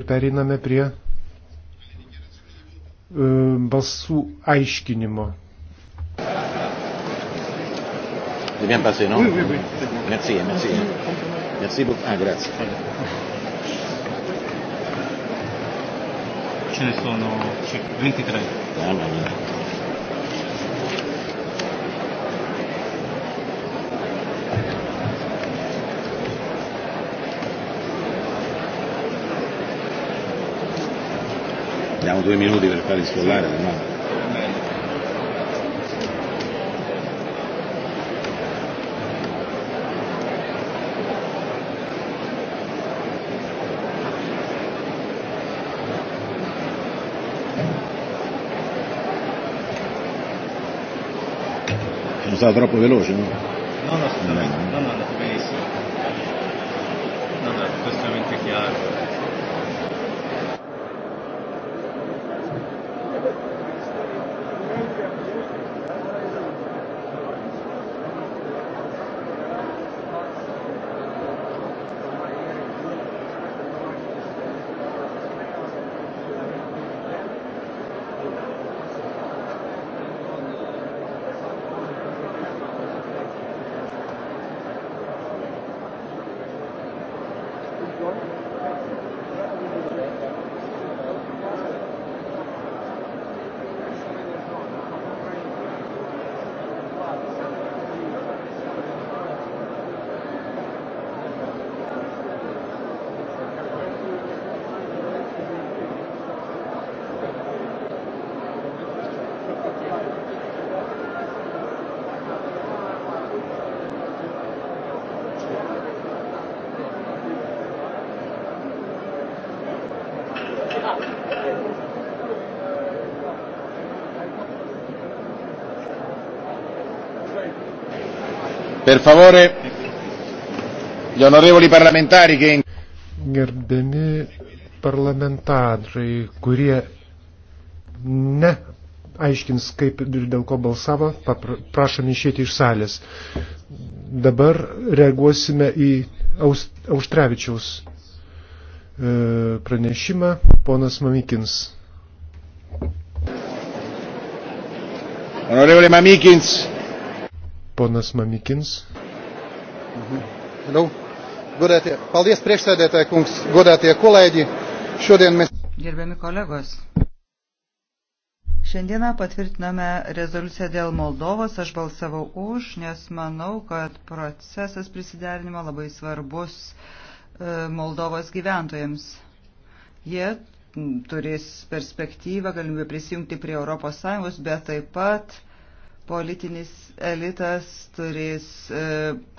Ir pereiname prie e, balsų aiškinimo. C'est bien passé, non oui, oui, oui. Merci, merci. Merci beaucoup. Ah, grazie. Ce ne sono 23. Ah, abbiamo due minuti per farli scollare, se no. Sono stato troppo veloce, no? No, no, assolutamente. Mm. No, no, è andato benissimo. No, no, è perfettamente chiaro. Per favore, gli onorevoli parlamentari che... Gerbiami parlamentarai, kurie ne aiškins, kaip ir dėl ko balsavo, prašom išėti iš salės. Dabar reaguosime į Auštrevičiaus e, pranešimą, ponas Mamikins. Honorevole Mamikins, ponas Mamikins. Mhm. Nu, godātie, paldies priekšsēdētāji kungs, godātie kolēģi. Šodien mēs. Gerbiami kolegos. Šiandieną patvirtiname rezoliuciją dėl Moldovos. Aš balsavau už, nes manau, kad procesas prisiderinimo labai svarbus e, Moldovos gyventojams. Jie turės perspektyvą, galimybę prisijungti prie ES, bet taip pat uh, politinis elitas turės e,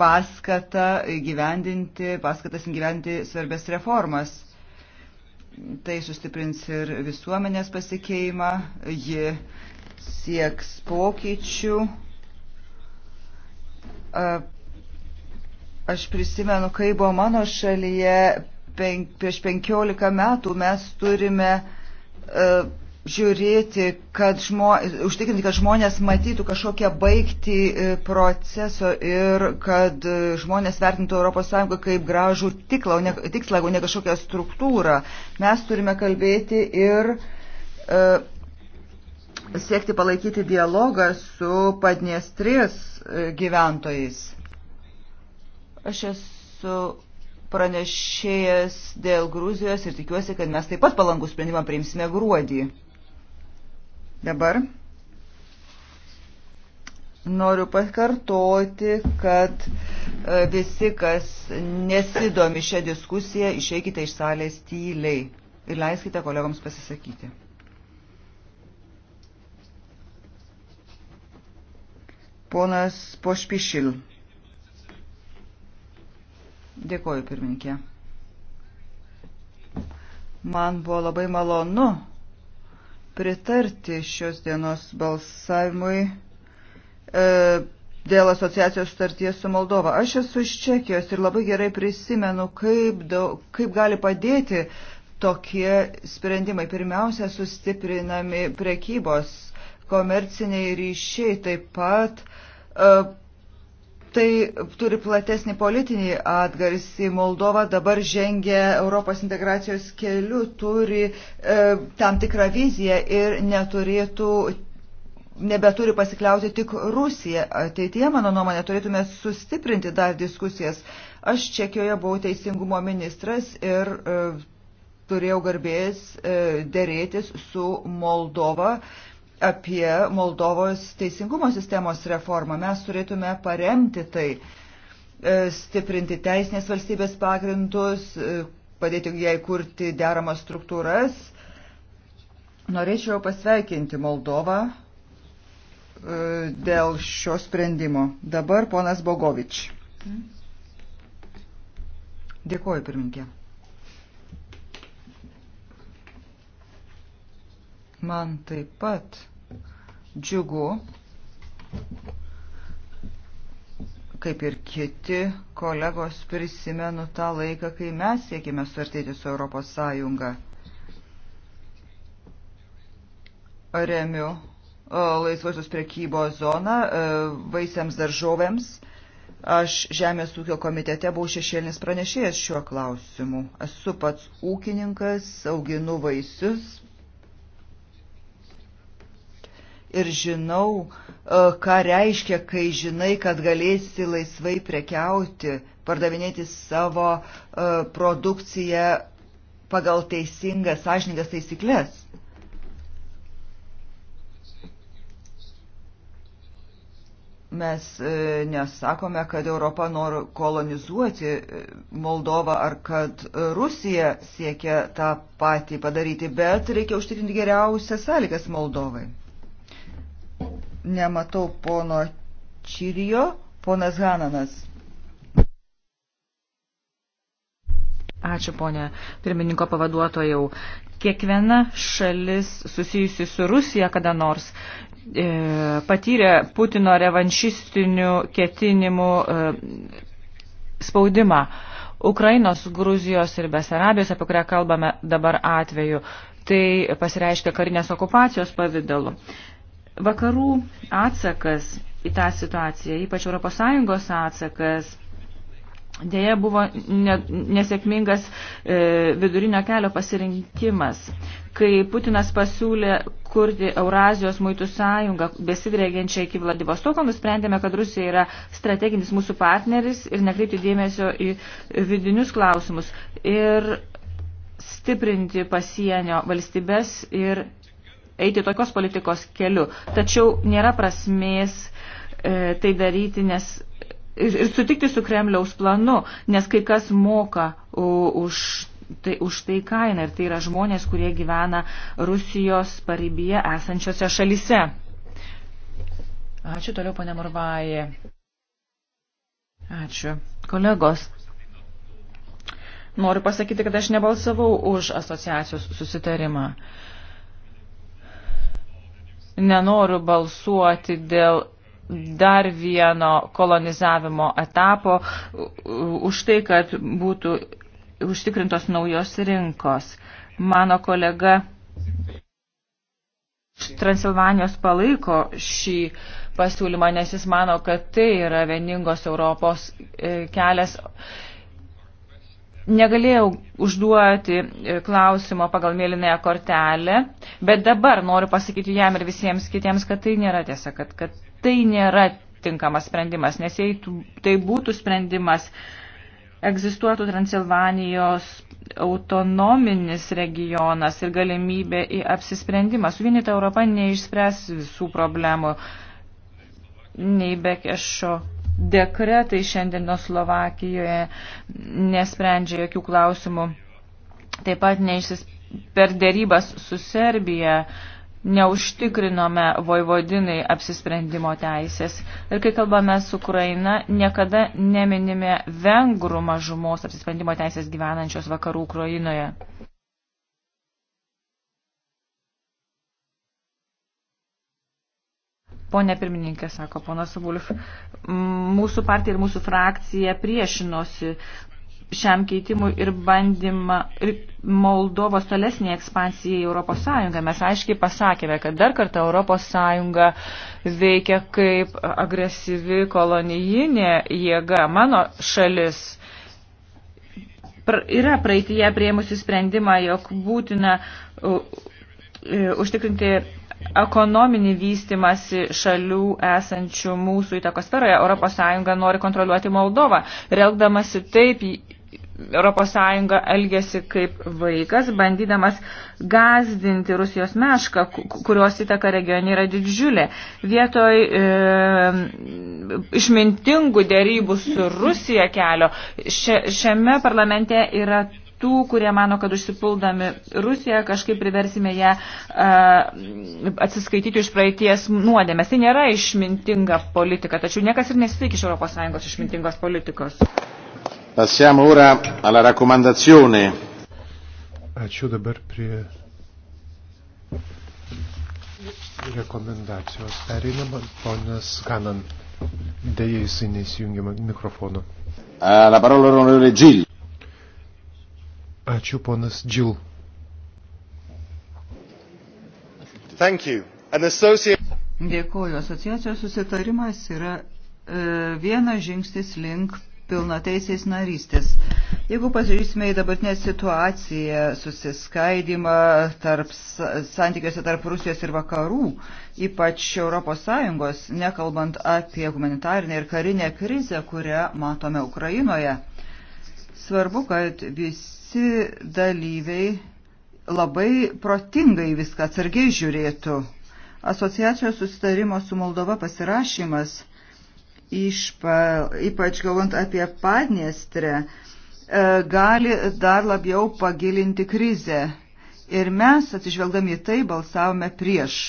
paskatą gyvendinti, paskatas gyventi svarbės reformas. Tai sustiprins ir visuomenės pasikeimą, ji sieks pokyčių. Aš prisimenu, kai buvo mano šalyje penk, prieš penkiolika metų mes turime uh, žiūrėti, kad žmo, užtikrinti, kad žmonės matytų kažkokią baigti e, proceso ir kad e, žmonės vertintų ES kaip gražų tiklą, o ne, tikslą, o ne kažkokią struktūrą. Mes turime kalbėti ir e, siekti palaikyti dialogą su Padniestrės e, gyventojais. Aš esu pranešėjas dėl Gruzijos ir tikiuosi, kad mes taip pat palangų sprendimą priimsime gruodį. Dabar noriu pakartoti, kad e, visi, kas nesidomi šią diskusiją, išeikite iš salės tyliai ir leiskite kolegoms pasisakyti. Ponas Pošpišil. Dėkoju, pirmininkė. Man buvo labai malonu pritarti šios dienos balsavimui e, dėl asociacijos sutarties su Moldova. Aš esu iš Čekijos ir labai gerai prisimenu, kaip, daug, kaip gali padėti tokie sprendimai. Pirmiausia, sustiprinami prekybos komerciniai ryšiai, taip pat e, Tai turi platesnį politinį atgarsį. Moldova dabar žengia Europos integracijos keliu, turi e, tam tikrą viziją ir neturėtų nebeturi pasikliauti tik Rusija. Ateityje, mano nuomonė, turėtume sustiprinti dar diskusijas. Aš Čekijoje buvau teisingumo ministras ir e, turėjau garbės e, dėrėtis su Moldova. E, apie Moldovos teisingumo sistemos reformą. Mes turėtume paremti tai, e, stiprinti teisinės valstybės pagrindus, e, padėti jai kurti deramas struktūras. Norėčiau pasveikinti Moldovą e, dėl šio sprendimo. Dabar ponas Bogovič. Dėkuoju, pirminkė. Man taip pat Džiugu, kaip ir kiti kolegos prisimenu tą laiką, kai mes siekime suartėti su Europos Sąjunga. Remiu e, laisvosios prekybos zoną e, vaisiams daržovėms. Aš Žemės ūkio komitete buvau šešėlinis pranešėjas šiuo klausimu. Esu pats ūkininkas, auginu vaisius, ir žinau, e, ką reiškia, kai žinai, kad galėsi laisvai prekiauti, pardavinėti savo e, produkciją pagal teisingas, sąžiningas taisyklės. Mes e, nesakome, kad Europa nori kolonizuoti Moldovą ar kad Rusija siekia tą patį padaryti, bet reikia užtikrinti geriausias sąlygas Moldovai nematau pono Čirijo, ponas Hananas. Ačiū, ponė pirmininko pavaduotojau. Kiekviena šalis susijusi su Rusija kada nors e, patyrė Putino revanšistinių ketinimų e, spaudimą. Ukrainos, Gruzijos ir Besarabijos, apie kurią kalbame dabar atveju, tai pasireiškia karinės okupacijos pavydalu. Vakarų atsakas į tą situaciją, ypač ES atsakas, dėja buvo ne, nesėkmingas e, vidurinio kelio pasirinkimas. Kai Putinas pasiūlė kurti Eurazijos muitų sąjungą, besidrėgiančią iki Vladivostoko, nusprendėme, kad Rusija yra strateginis mūsų partneris ir nekreipti dėmesio į vidinius klausimus ir stiprinti pasienio valstybės ir eiti tokios politikos keliu. Tačiau nėra prasmės e, tai daryti, nes ir, ir sutikti su Kremliaus planu, nes kai kas moka u, už. Tai už tai kaina ir tai yra žmonės, kurie gyvena Rusijos paribėje esančiose šalise. Ačiū toliau, pane Morvaje. Ačiū. Kolegos, noriu pasakyti, kad aš nebalsavau už asociacijos susitarimą nenoriu balsuoti dėl dar vieno kolonizavimo etapo už tai, kad būtų užtikrintos naujos rinkos. Mano kolega Transilvanijos palaiko šį pasiūlymą, nes jis mano, kad tai yra vieningos Europos e, kelias Negalėjau užduoti e, klausimo pagal mėlynąją kortelę, bet dabar noriu pasakyti jam ir visiems kitiems, kad tai nėra tiesa, kad, kad tai nėra tinkamas sprendimas, nes jei tai būtų sprendimas, egzistuotų Transilvanijos autonominis regionas ir galimybė į apsisprendimą. Suvienita Europa neišspręs visų problemų nei Bekešo dekretai šiandieno Slovakijoje nesprendžia jokių klausimų. Taip pat neišsis per dėrybas su Serbija neužtikrinome vojvodinai apsisprendimo teisės. Ir kai kalbame su Ukraina, niekada neminime vengrų mažumos apsisprendimo teisės gyvenančios vakarų Ukrainoje. Pone pirmininkė, sako ponas Vulf, mūsų partija ir mūsų frakcija priešinosi šiam keitimui ir bandymą ir Moldovos tolesnį ekspansiją į Europos Sąjungą. Mes aiškiai pasakėme, kad dar kartą Europos Sąjunga veikia kaip agresyvi kolonijinė jėga. Mano šalis pra, yra praeitie prieimusi sprendimą, jog būtina uh, uh, užtikrinti ekonominį vystimąsi šalių esančių mūsų įtakos sferoje. ES nori kontroliuoti Moldovą. Relgdamasi taip, ES elgesi kaip vaikas, bandydamas gazdinti Rusijos mešką, kurios įtaka regione yra didžiulė. Vietoj e, išmintingų dėrybų su Rusija kelio šia, šiame parlamente yra tų, kurie mano, kad užsipuldami Rusiją kažkaip priversime ją a, atsiskaityti iš praeities nuodėmės. Tai nėra išmintinga politika, tačiau niekas ir nesitik iš ES išmintingos politikos. Passiamo ora alla raccomandazione. Ačiū dabar prie rekomendacijos. Pereinama, ponas Kanan. Deja, jisai neįsijungia mikrofono. La parola onorevole Gil. Ačiū, ponas Džil. Dėkuoju. Asociacijos susitarimas yra e, vienas žingsnis link pilnateisės narystės. Jeigu pasižiūrėsime į dabartinę situaciją, susiskaidimą tarp, santykiuose tarp Rusijos ir vakarų, ypač ES, nekalbant apie humanitarinę ir karinę krizę, kurią matome Ukrainoje Svarbu, kad visi dalyviai labai protingai viską atsargiai žiūrėtų. Asociacijos susitarimo su Moldova pasirašymas, išpa, ypač galvant apie Padniestrę, e, gali dar labiau pagilinti krizę. Ir mes, atsižvelgdami į tai, balsavome prieš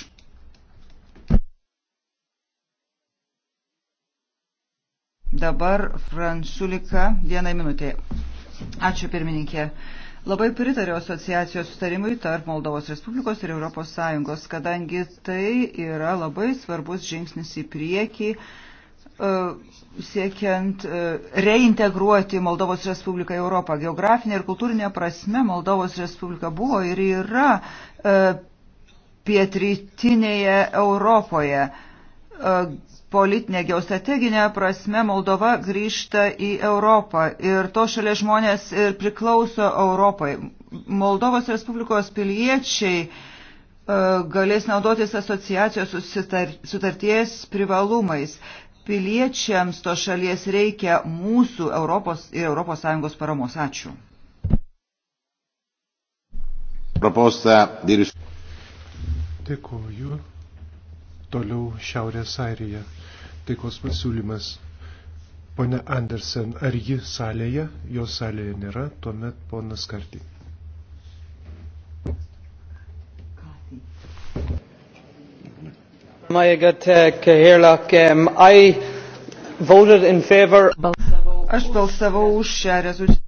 Dabar Fransulika vienai minutėje. Ačiū pirmininkė. Labai pritariu asociacijos sutarimui tarp Moldovos Respublikos ir ES, kadangi tai yra labai svarbus žingsnis į priekį e, siekiant e, reintegruoti Moldovos Respubliką į Europą. Geografinė ir kultūrinė prasme Moldovos Respublika buvo ir yra e, pietrytinėje Europoje. E, politinė, geostrateginė prasme Moldova grįžta į Europą ir to šalia žmonės ir priklauso Europai. Moldovos Respublikos piliečiai e, galės naudotis asociacijos sutarties privalumais. Piliečiams to šalies reikia mūsų Europos ir ES paramos. Ačiū. Proposta dėkuoju. Toliau Šiaurės Airija. Taikos pasiūlymas. Pone Andersen, ar ji salėje? Jos salėje nėra, tuomet ponas Kartį. Uh, um, Aš balsavau už šią rezoliuciją.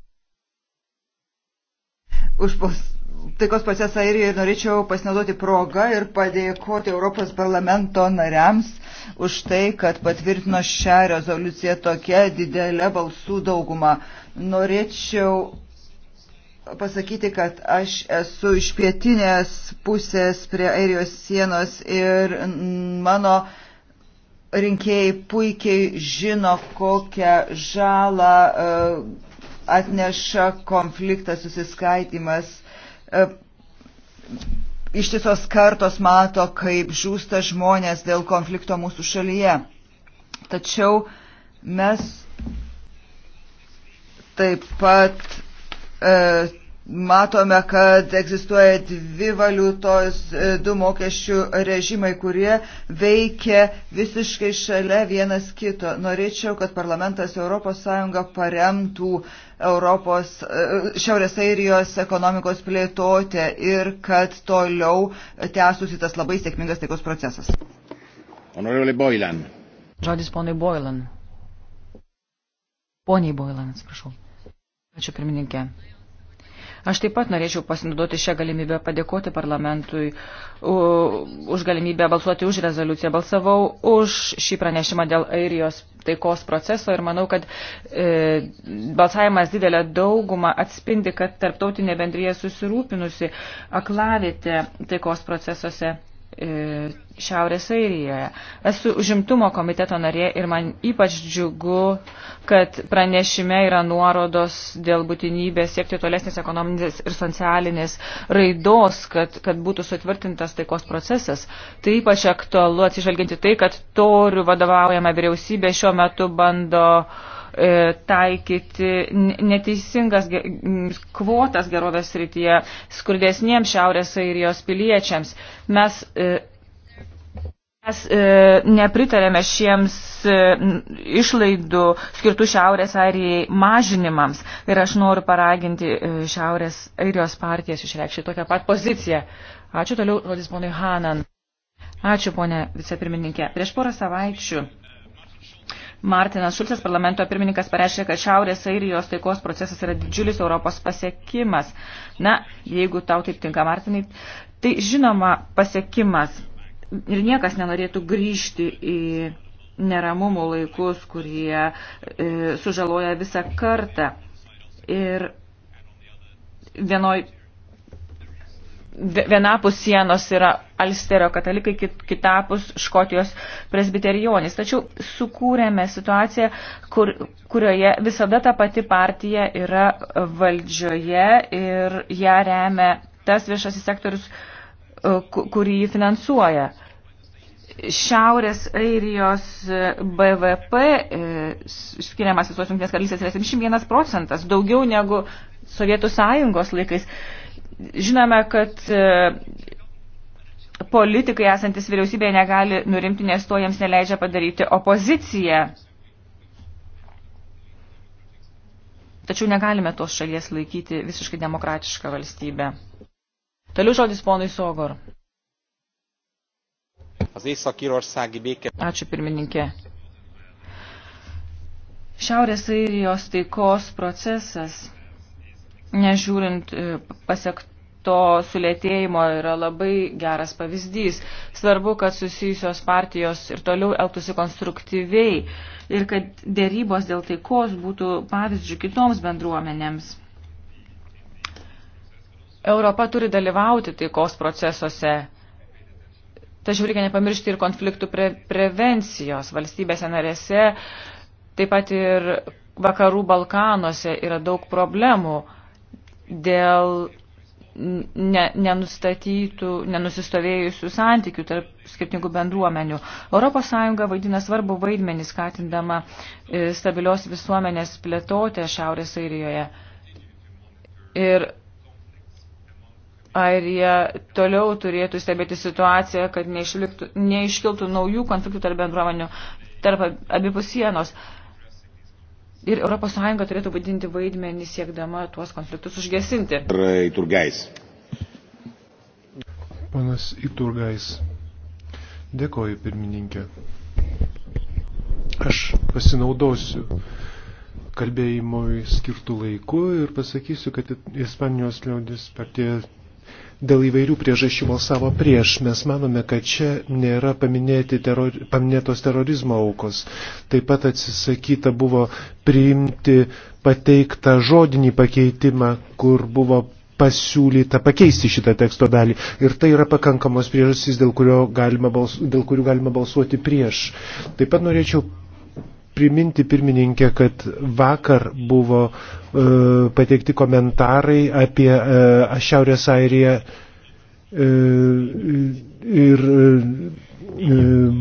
Už balsavau taikos procesą Airijoje ir norėčiau pasinaudoti progą ir padėkoti Europos parlamento nariams už tai, kad patvirtino šią rezoliuciją tokia didelė balsų dauguma. Norėčiau pasakyti, kad aš esu iš pietinės pusės prie Airijos sienos ir mano rinkėjai puikiai žino, kokią žalą e, atneša konfliktas, susiskaitimas E, ištisos kartos mato, kaip žūsta žmonės dėl konflikto mūsų šalyje. Tačiau mes taip pat e, matome, kad egzistuoja dvi valiutos, e, du mokesčių režimai, kurie veikia visiškai šalia vienas kito. Norėčiau, kad parlamentas ES paremtų Europos, e, Šiaurės Airijos ekonomikos plėtotę ir kad toliau tęstųsi tas labai sėkmingas taikos procesas. Honorable Boylan. Žodis ponui Boylan. Poniai Boylan, atsiprašau. Ačiū pirmininkė. Aš taip pat norėčiau pasinaudoti šią galimybę padėkoti parlamentui už galimybę balsuoti už rezoliuciją. Balsavau už šį pranešimą dėl Airijos taikos proceso ir manau, kad e, balsavimas didelę daugumą atspindi, kad tarptautinė bendryje susirūpinusi aklavėte taikos procesuose E, Šiaurės Airijoje. Esu užimtumo komiteto narė ir man ypač džiugu, kad pranešime yra nuorodos dėl būtinybės siekti tolesnės ekonominės ir socialinės raidos, kad, kad būtų sutvirtintas taikos procesas. Tai ypač aktualu atsižvelginti tai, kad torių vadovaujama vyriausybė šiuo metu bando uh, E, taikyti neteisingas kvotas gerovės rytyje skurdesniems Šiaurės Airijos piliečiams. Mes, e, mes e, nepritarėme šiems išlaidų skirtų Šiaurės Airijai mažinimams ir aš noriu paraginti Šiaurės Airijos partijas išreikšti tokią pat poziciją. Ačiū toliau, rodys ponui Hanan. Ačiū, ponė vicepirmininkė. Prieš porą savaičių Martinas Šulcas, parlamento pirmininkas, pareiškė, kad Šiaurės Airijos taikos procesas yra didžiulis Europos pasiekimas. Na, jeigu tau taip tinka, Martinai, tai žinoma pasiekimas. Ir niekas nenorėtų grįžti į neramumų laikus, kurie e, sužaloja visą kartą. Ir vienoj vienapus sienos yra Alsterio katalikai, kit, kitapus Škotijos presbiterijonis. Tačiau sukūrėme situaciją, kur, kurioje visada ta pati partija yra valdžioje ir ją remia tas viešasis sektorius, e, kurį jį finansuoja. Šiaurės Airijos e, BVP e, skiriamas visos Junktinės karalystės yra 71 procentas, daugiau negu Sovietų sąjungos laikais. Žinome, kad e, politikai esantis vyriausybėje negali nurimti, nes to jiems neleidžia padaryti opozicija. Tačiau negalime tos šalies laikyti visiškai demokratišką valstybę. Toliau žodis ponui Sogor. Ačiū pirmininkė. Šiaurės Airijos taikos procesas nežiūrint e, pasiekto sulėtėjimo, yra labai geras pavyzdys. Svarbu, kad susijusios partijos ir toliau elgtųsi konstruktyviai ir kad dėrybos dėl taikos būtų pavyzdžių kitoms bendruomenėms. Europa turi dalyvauti taikos procesuose. Tačiau reikia nepamiršti ir konfliktų pre prevencijos valstybėse narėse, taip pat ir vakarų Balkanuose yra daug problemų dėl ne, nenustatytų, nenusistovėjusių santykių tarp skirtingų bendruomenių. ES vaidina svarbu vaidmenį skatindama e, stabilios visuomenės plėtotę Šiaurės Airijoje. Ir Airija toliau turėtų stebėti situaciją, kad neiškiltų naujų konfliktų tarp bendruomenių, tarp abipusienos. sienos ir ES turėtų vadinti vaidmenį siekdama tuos konfliktus užgesinti. Turgais. Panas Iturgais. Dėkoju, pirmininkė. Aš pasinaudosiu kalbėjimui skirtų laiku ir pasakysiu, kad Ispanijos liaudis partija dėl įvairių priežasčių balsavo prieš. Mes manome, kad čia nėra teror, paminėtos terorizmo aukos. Taip pat atsisakyta buvo priimti pateiktą žodinį pakeitimą, kur buvo pasiūlyta pakeisti šitą teksto dalį. Ir tai yra pakankamos priežastys, dėl, galima balsu, dėl kurių galima balsuoti prieš. Taip pat norėčiau priminti pirmininkė, kad vakar buvo e, pateikti komentarai apie e, Šiaurės Airiją e, ir e, e,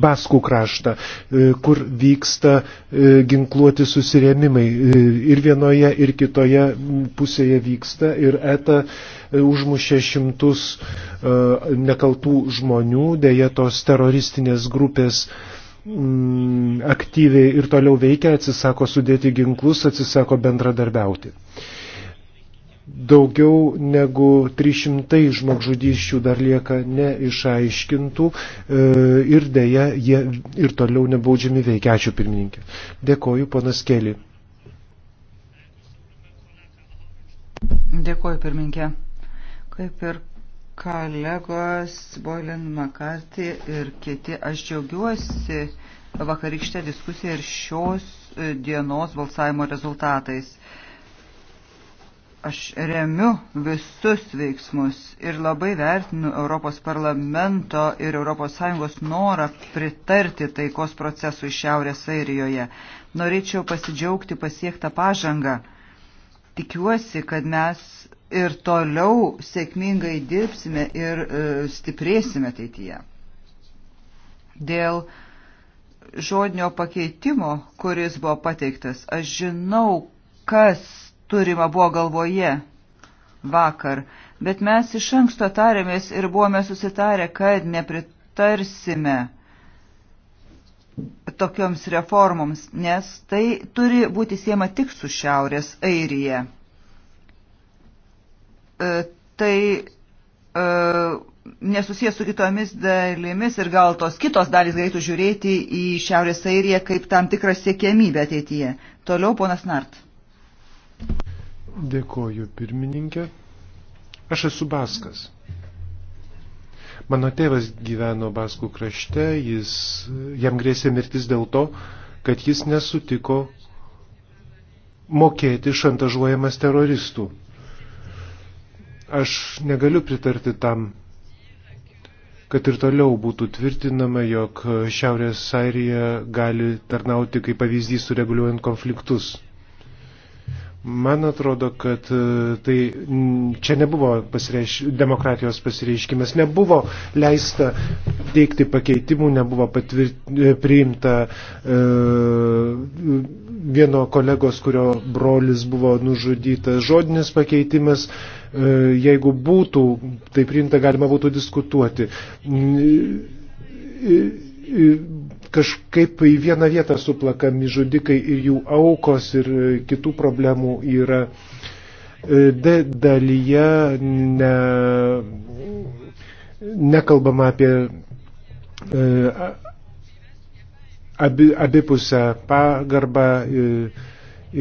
Baskų kraštą, e, kur vyksta e, ginkluoti susirėmimai. E, ir vienoje, ir kitoje pusėje vyksta. Ir ETA e, užmušė šimtus e, nekaltų žmonių, dėja tos teroristinės grupės e, Mm, aktyviai ir toliau veikia, atsisako sudėti ginklus, atsisako bendradarbiauti. Daugiau negu 300 žmogžudyščių dar lieka neišaiškintų e, ir dėja jie ir toliau nebaudžiami veikia. Ačiū pirmininkė. Dėkoju, ponas Keli. Dėkoju, pirmininkė. Kaip ir Kolegos Boilin Makarti ir kiti, aš džiaugiuosi vakarykštę diskusiją ir šios e, dienos balsavimo rezultatais. Aš remiu visus veiksmus ir labai vertinu Europos parlamento ir ES norą pritarti taikos procesui Šiaurės Airijoje. Norėčiau pasidžiaugti pasiektą pažangą. Tikiuosi, kad mes ir toliau sėkmingai dirbsime ir e, stiprėsime ateityje. Dėl žodinio pakeitimo, kuris buvo pateiktas, aš žinau, kas turima buvo galvoje vakar, bet mes iš anksto tarėmės ir buvome susitarę, kad nepritarsime tokioms reformoms, nes tai turi būti siema tik su Šiaurės Airija. E, tai e, nesusijęs su kitomis dalimis ir gal tos kitos dalys galėtų žiūrėti į Šiaurės Airiją kaip tam tikrą siekėmybę ateityje. Toliau ponas Nart. Dėkoju pirmininkė. Aš esu Baskas. Mano tėvas gyveno Baskų krašte, jis, jam grėsė mirtis dėl to, kad jis nesutiko mokėti šantažuojamas teroristų. Aš negaliu pritarti tam, kad ir toliau būtų tvirtinama, jog Šiaurės Airija gali tarnauti kaip pavyzdys sureguliuojant konfliktus. Man atrodo, kad e, tai čia nebuvo pasireiš, demokratijos pasireiškimas, nebuvo leista teikti pakeitimų, nebuvo patvirt, e, priimta e, vieno kolegos, kurio brolis buvo nužudytas žodinis pakeitimas. E, jeigu būtų tai priimta, galima būtų diskutuoti. E, e, kažkaip į vieną vietą suplakami žudikai ir jų aukos ir e, kitų problemų yra. E, D dalyje ne, nekalbama apie e, abi, abipusę pagarbą ir,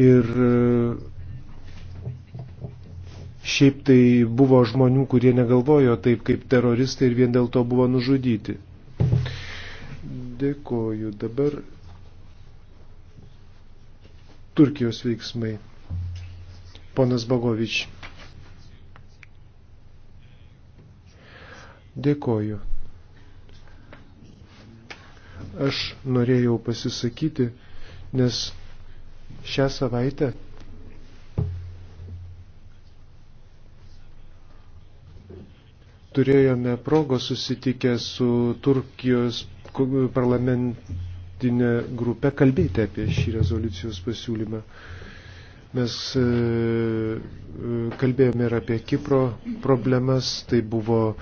ir šiaip tai buvo žmonių, kurie negalvojo taip kaip teroristai ir vien dėl to buvo nužudyti. Dėkoju. Dabar Turkijos veiksmai. Ponas Bagovič. Dėkoju. Aš norėjau pasisakyti, nes šią savaitę turėjome progos susitikę su Turkijos parlamentinę grupę kalbėti apie šį rezoliucijos pasiūlymą. Mes e, e, kalbėjome ir apie Kipro problemas, tai buvo,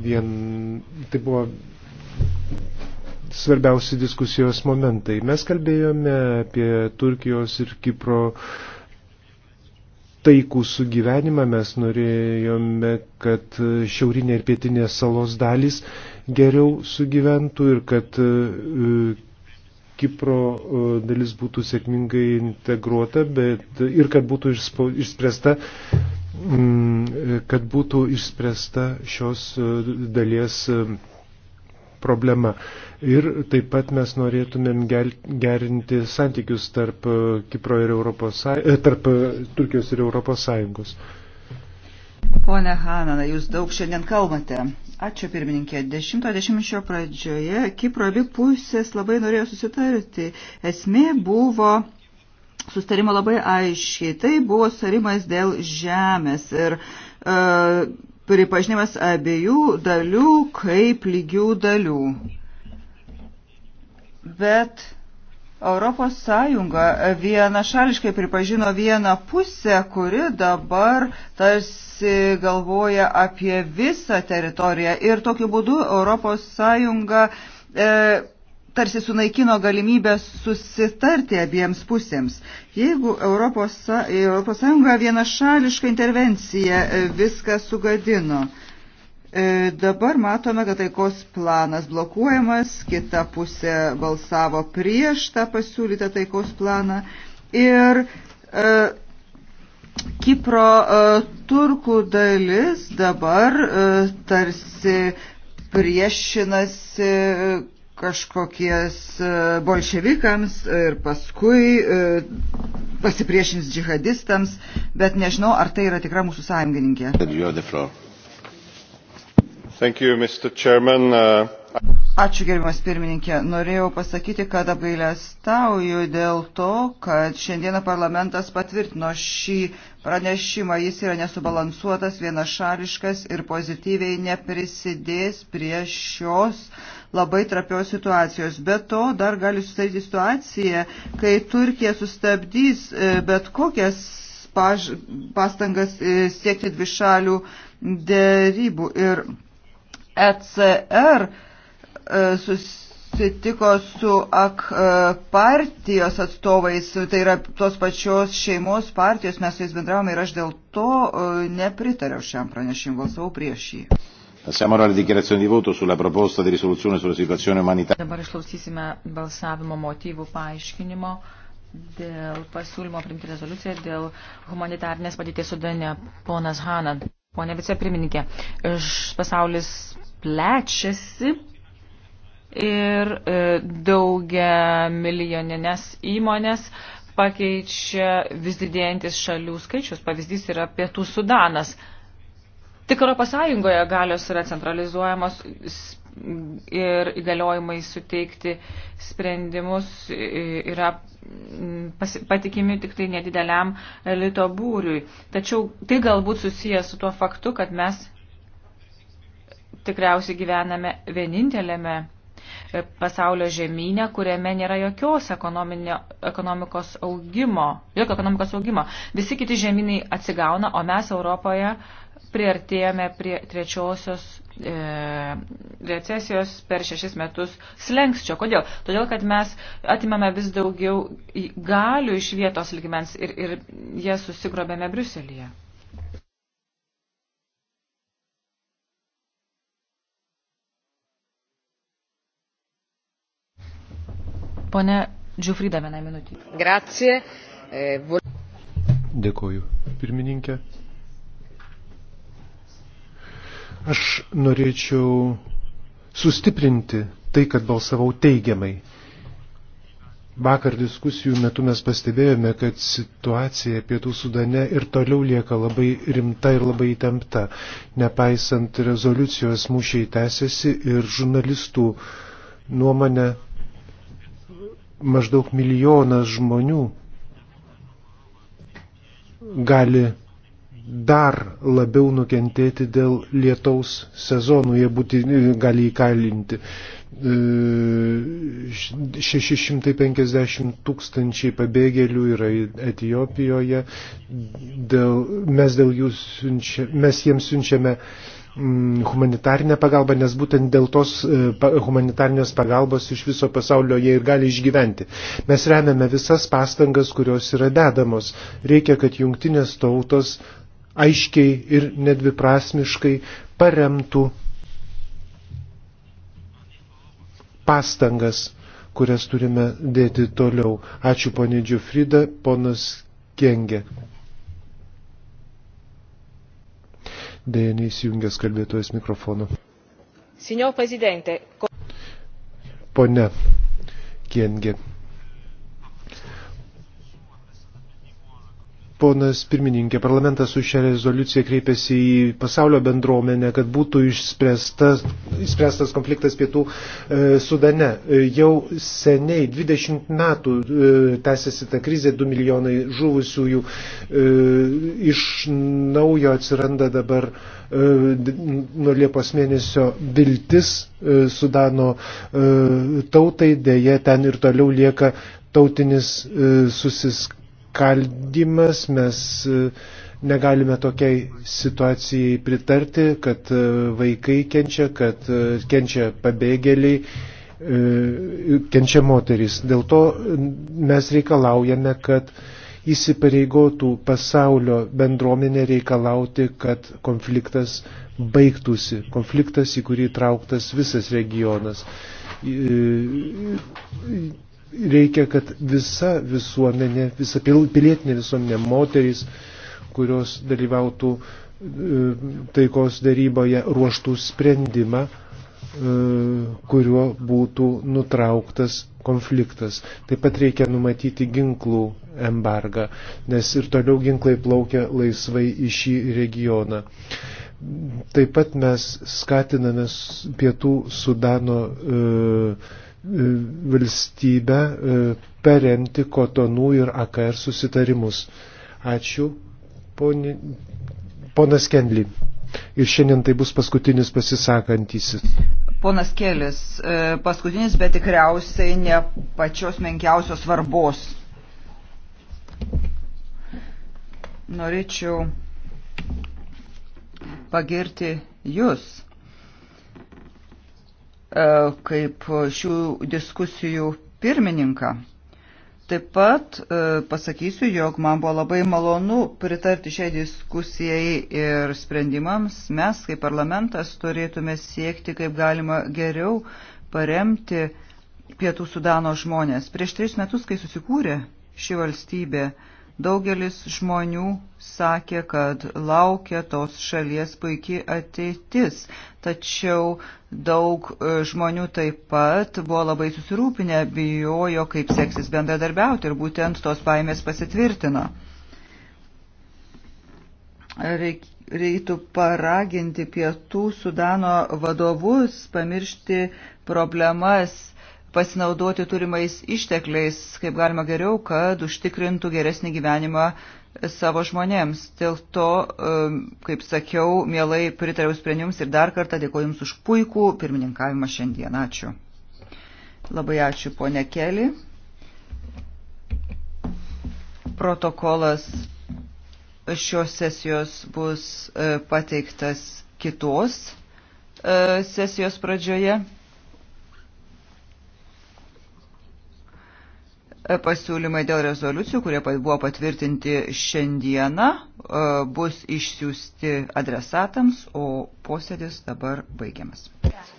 vien, tai buvo svarbiausi diskusijos momentai. Mes kalbėjome apie Turkijos ir Kipro taikų sugyvenimą, mes norėjome, kad šiaurinė ir pietinė salos dalys geriau sugyventų ir kad e, Kipro e, dalis būtų sėkmingai integruota, bet ir kad būtų išspręsta mm, e, kad būtų išspręsta šios dalies problema. Ir taip pat mes norėtumėm gerinti santykius tarp, Kipro ir Europos, tarp Turkijos ir Europos Sąjungos. Pone Hanana, jūs daug šiandien kalbate Ačiū pirmininkė. Dešimto dešimtmečio pradžioje Kipro abi pusės labai norėjo susitarti. Esmė buvo sustarimo labai aiškiai. Tai buvo sustarimas dėl žemės ir e, pripažinimas abiejų dalių kaip lygių dalių. Bet Europos Sąjunga vienašališkai pripažino vieną pusę, kuri dabar tarsi galvoja apie visą teritoriją ir tokiu būdu Europos Sąjunga e, tarsi sunaikino galimybę susitarti abiems pusėms. Jeigu Europos, Europos Sąjunga vienašališką intervenciją e, viską sugadino. E, E, dabar matome, kad taikos planas blokuojamas, kita pusė balsavo prieš tą pasiūlytą taikos planą ir e, Kipro e, turkų dalis dabar e, tarsi priešinasi kažkokies e, bolševikams ir paskui e, pasipriešins džihadistams, bet nežinau, ar tai yra tikra mūsų sąjungininkė. You, uh, Ačiū gerbiamas pirmininkė. Norėjau pasakyti, kad apgailestauju dėl to, kad šiandieną parlamentas patvirtino šį pranešimą. Jis yra nesubalansuotas, vienašališkas ir pozityviai neprisidės prie šios labai trapios situacijos. Be to dar gali susidaryti situacija, kai Turkija sustabdys e, bet kokias paž... pastangas e, siekti dvišalių dėrybų. Ir ECR e, susitiko su AK e, partijos atstovais, tai yra tos pačios šeimos partijos, mes su jais bendravome ir aš dėl to e, nepritariau šiam pranešimui, balsavau prieš jį. Passiamo ora alle dichiarazioni di voto sulla proposta di risoluzione sulla situazione umanitaria. Dabar išklausysime balsavimo motyvų paaiškinimo dėl pasiūlymo priimti rezoliuciją dėl humanitarnės padėties sudane. Ponas Hanan, ponė vicepirmininkė, pasaulis plečiasi ir e, daugia milijoninės įmonės pakeičia vis didėjantis šalių skaičius. Pavyzdys yra Pietų Sudanas. Tik Europos Sąjungoje galios yra centralizuojamos ir įgaliojimai suteikti sprendimus yra patikimi tik tai nedideliam elito būriui. Tačiau tai galbūt susijęs su tuo faktu, kad mes tikriausiai gyvename vienintelėme e, pasaulio žemynę, kuriame nėra jokios ekonomikos augimo, jokio ekonomikos augimo. Visi kiti žemynai atsigauna, o mes Europoje priartėjome prie trečiosios e, recesijos per šešis metus slengsčio. Kodėl? Todėl, kad mes atimame vis daugiau galių iš vietos ligmens ir, ir jas susigrobėme Briuselėje. Pone Džiufrida, vieną minutį. Grazie. E, Dėkoju, pirmininkė. Aš norėčiau sustiprinti tai, kad balsavau teigiamai. Vakar diskusijų metu mes pastebėjome, kad situacija pietų sudane ir toliau lieka labai rimta ir labai įtempta. Nepaisant rezoliucijos mūšiai tęsiasi ir žurnalistų nuomonė maždaug milijonas žmonių gali dar labiau nukentėti dėl lietaus sezonų, jie būti, gali įkalinti. 650 e, tūkstančiai pabėgėlių yra Etijopijoje, dėl, mes, dėl jų siunčia, mes jiems siunčiame uh, Mm, humanitarinę pagalbą, nes būtent dėl tos e, humanitarnės pagalbos iš viso pasaulio jie ir gali išgyventi. Mes remiame visas pastangas, kurios yra dedamos. Reikia, kad jungtinės tautos aiškiai ir nedviprasmiškai paremtų pastangas, kurias turime dėti toliau. Ačiū ponė Džiufrida, ponas Kengė. Dėja neįsijungęs kalbėtojas mikrofonu. Signor Presidente. Pone Kiengė. Ponas pirmininkė, parlamentas su šią rezoliuciją kreipėsi į pasaulio bendruomenę, kad būtų išspręstas, išspręstas konfliktas pietų e, Sudane. E, jau seniai, 20 metų e, tęsiasi ta krizė, 2 milijonai žuvusiųjų e, iš naujo atsiranda dabar e, nuo Liepos mėnesio viltis e, Sudano e, tautai, dėje ten ir toliau lieka tautinis e, susisk skaldimas, mes e, negalime tokiai situacijai pritarti, kad e, vaikai kenčia, kad e, kenčia pabėgėliai, kenčia moteris. Dėl to mes reikalaujame, kad įsipareigotų pasaulio bendruomenė reikalauti, kad konfliktas baigtųsi, konfliktas, į kurį trauktas visas regionas reikia, kad visa visuomenė, visa pilietinė visuomenė, moterys, kurios dalyvautų e, taikos daryboje, ruoštų sprendimą, e, kuriuo būtų nutrauktas konfliktas. Taip pat reikia numatyti ginklų embargą, nes ir toliau ginklai plaukia laisvai į šį regioną. Taip pat mes skatiname pietų Sudano e, valstybę e, paremti kotonų ir AKR susitarimus. Ačiū, poni, ponas Kenly. Ir šiandien tai bus paskutinis pasisakantysis. Ponas Kelis, e, paskutinis, bet tikriausiai ne pačios menkiausios svarbos. Norėčiau pagirti jūs E, kaip šių diskusijų pirmininką. Taip pat e, pasakysiu, jog man buvo labai malonu pritarti šiai diskusijai ir sprendimams. Mes kaip parlamentas turėtume siekti kaip galima geriau paremti Pietų Sudano žmonės. Prieš tris metus, kai susikūrė ši valstybė, daugelis žmonių sakė, kad laukia tos šalies puikiai ateitis tačiau daug e, žmonių taip pat buvo labai susirūpinę, bijojo, kaip seksis bendradarbiauti ir būtent tos baimės pasitvirtino. Reik, reiktų paraginti pietų Sudano vadovus pamiršti problemas pasinaudoti turimais ištekliais, kaip galima geriau, kad užtikrintų geresnį gyvenimą savo žmonėms. Dėl to, kaip sakiau, mielai pritariau sprendimus ir dar kartą dėkoju Jums už puikų pirmininkavimą šiandien. Ačiū. Labai ačiū, ponė Keli. Protokolas šios sesijos bus e, pateiktas kitos e, sesijos pradžioje. Pasiūlymai dėl rezoliucijų, kurie buvo patvirtinti šiandieną, e, bus išsiųsti adresatams, o posėdis dabar baigiamas. Ja.